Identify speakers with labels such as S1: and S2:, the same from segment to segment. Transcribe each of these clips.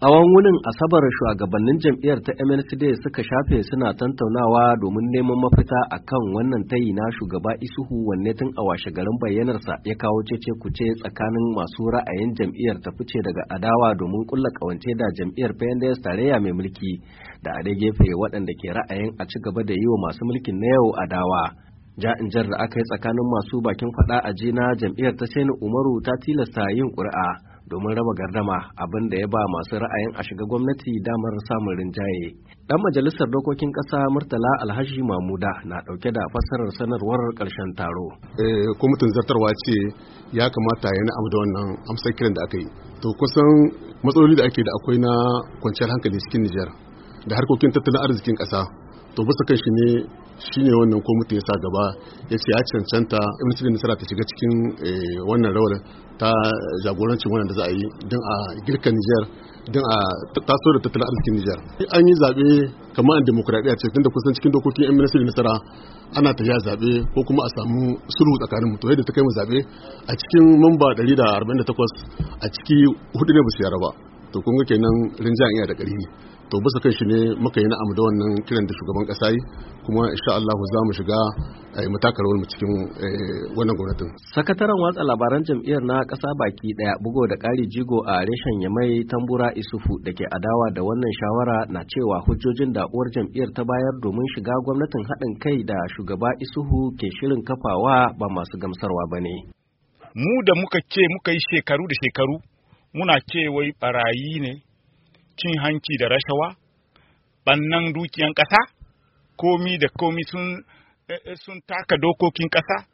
S1: tsawon wunin asabar shugabannin jam'iyyar ta MNCD suka shafe suna tantaunawa domin neman mafita a kan wannan tayi na shugaba isuhu wanne tun a washe garin bayyanarsa ya kawo cece kuce tsakanin masu ra'ayin jam'iyyar ta fice daga adawa domin kulla kawance da jam'iyyar PNDS tarayya mai mulki da a gefe waɗanda ke ra'ayin a ci gaba da yi wa masu mulkin na yau adawa. ja'in jar da aka yi tsakanin masu bakin faɗa a jina jam'iyyar ta sani umaru ta tilasta yin ƙuri'a domin raba gardama abin da ya ba masu ra'ayin a shiga gwamnati damar samun rinjaye. Dan majalisar dokokin kasa Murtala Alhaji Mamuda na ɗauke da fassarar sanarwar karshen taro.
S2: Eh, kwamitin zartarwa ce ya kamata ya na da wannan amsar kiran da aka yi. To kusan matsaloli da ake da akwai na kwanciyar hankali cikin Nijar da harkokin tattalin arzikin ƙasa to bisa kan shi ne shi ne wannan kwamiti ya sa gaba ya ce ya cancanta sirri nasara ta shiga cikin eh, wannan rawar ta jagorancin wannan da za a yi don a girka nijar don a taso da tattalin arzikin nijar an yi zaɓe kamar an demokuraɗiyya ce tun da kusan cikin dokokin ibn sirri nasara ana tafiya zaɓe ko kuma a samu sulhu tsakanin mutu yadda ta kai mu zaɓe a cikin mamba 148 a ciki hudu ne ba su yara ba to kun ga kenan rinjayen jamia da ƙarfi to bisa kan shi ne muka yi na'am da wannan kiran da shugaban ƙasa
S1: yi kuma insha Allah za mu shiga eh, mu taka mu cikin eh, wannan gwamnatin sakataren watsa labaran jam'iyyar na ƙasa baki daya bugo da ƙari jigo a reshen yamai tambura isufu da ke adawa da wannan shawara na cewa hujjojin da uwar jam'iyyar ta bayar domin shiga gwamnatin haɗin kai da shugaba isuhu ke shirin kafawa ba masu gamsarwa ba ne mu da muka ce muka yi shekaru da shekaru muna cewai barayi
S3: ne cin hanci da rashawa bannan dukiyan ƙasa komi da komi sun eh, eh, sun taka dokokin ƙasa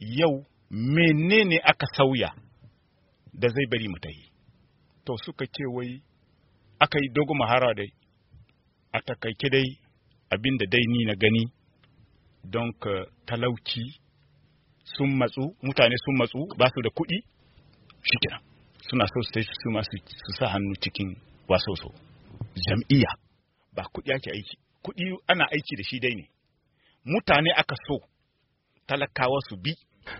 S3: yau menene aka sauya da zai bari mu tahi to suka ce wai aka yi dogo mahara dai a takaike dai abin da dai ni na gani don ka talauci sun matsu mutane sun matsu ba su da kuɗi kenan. suna so sai su ma su sa hannu cikin wasoso jam'iyya ba kuɗi ake aiki kuɗi ana aiki da shi dai ne mutane aka so talakawa su bi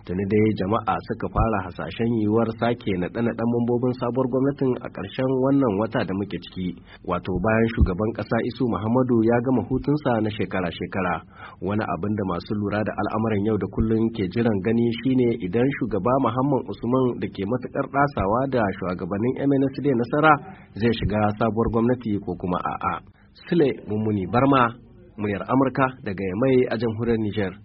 S1: tuni dai jama'a suka fara hasashen yiwuwar sake naɗe-naɗen mambobin sabuwar gwamnatin a ƙarshen wannan wata da muke ciki wato bayan shugaban ƙasa isu muhammadu ya gama hutunsa na shekara-shekara wani abin da masu lura da al'amuran yau da kullum ke jiran gani shine idan shugaba muhammad usman da ke matuƙar ɗasawa da shugabannin mnsd nasara zai shiga sabuwar gwamnati ko kuma a'a sule mummuni barma muryar amurka daga mai a jamhuriyar niger